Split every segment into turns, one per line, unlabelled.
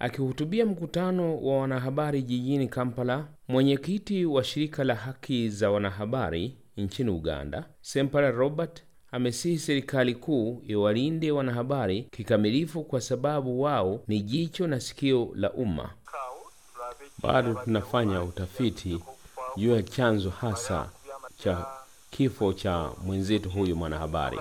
Akihutubia mkutano wa wanahabari jijini Kampala, mwenyekiti wa shirika la haki za wanahabari nchini Uganda, Sempala Robert amesihi serikali kuu iwalinde wanahabari kikamilifu kwa sababu wao ni jicho na sikio la umma. Bado tunafanya utafiti juu ya chanzo hasa cha kifo cha mwenzetu huyu mwanahabari.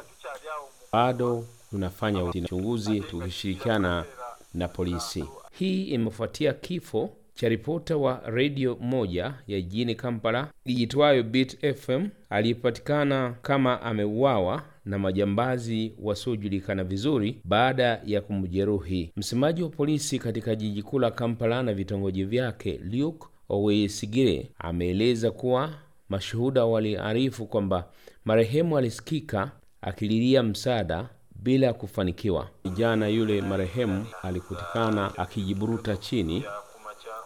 Bado tunafanya uchunguzi tukishirikiana na polisi. Hii imefuatia kifo cha ripota wa redio moja ya jijini Kampala ijitwayo Bit FM aliyepatikana kama ameuawa na majambazi wasiojulikana vizuri baada ya kumjeruhi. Msemaji wa polisi katika jiji kuu la Kampala na vitongoji vyake Luke Oweyesigire ameeleza kuwa mashuhuda waliarifu kwamba marehemu alisikika akililia msaada bila kufanikiwa. Kijana yule marehemu alikutikana akijiburuta chini.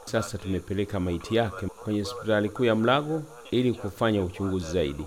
Sasa tumepeleka maiti yake kwenye hospitali kuu ya Mlago ili kufanya uchunguzi zaidi.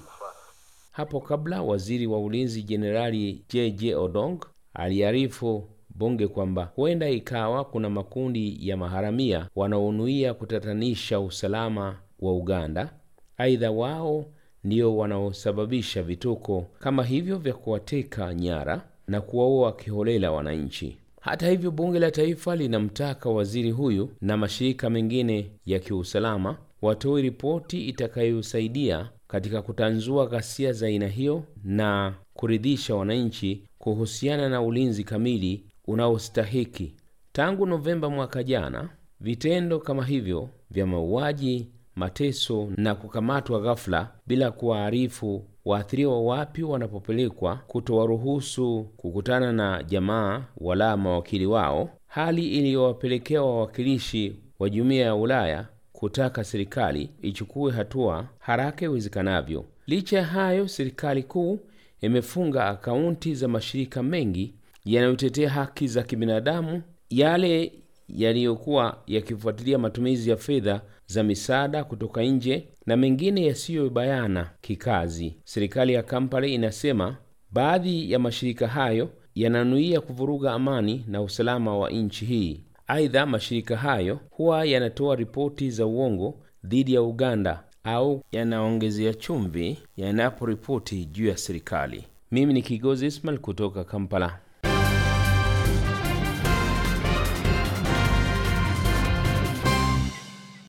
Hapo kabla, waziri wa ulinzi Jenerali JJ Odong aliarifu bunge kwamba huenda ikawa kuna makundi ya maharamia wanaonuia kutatanisha usalama wa Uganda. Aidha, wao ndio wanaosababisha vituko kama hivyo vya kuwateka nyara na kuwaua wakiholela wananchi. Hata hivyo, bunge la taifa linamtaka waziri huyu na mashirika mengine ya kiusalama watoe ripoti itakayosaidia katika kutanzua ghasia za aina hiyo na kuridhisha wananchi kuhusiana na ulinzi kamili unaostahiki. Tangu Novemba mwaka jana, vitendo kama hivyo vya mauaji mateso na kukamatwa ghafla bila kuwaarifu waathiriwa wapi wanapopelekwa, kutowaruhusu kukutana na jamaa wala mawakili wao, hali iliyowapelekea wawakilishi wa jumuiya ya Ulaya kutaka serikali ichukue hatua haraka iwezekanavyo. Licha ya hayo, serikali kuu imefunga akaunti za mashirika mengi yanayotetea haki za kibinadamu, yale yaliyokuwa yakifuatilia matumizi ya fedha za misaada kutoka nje na mengine yasiyobayana kikazi. Serikali ya Kampala inasema baadhi ya mashirika hayo yananuia kuvuruga amani na usalama wa nchi hii. Aidha, mashirika hayo huwa yanatoa ripoti za uongo dhidi ya Uganda au yanaongezea chumvi yanaporipoti juu ya serikali. Mimi ni Kigozi Ismail kutoka Kampala.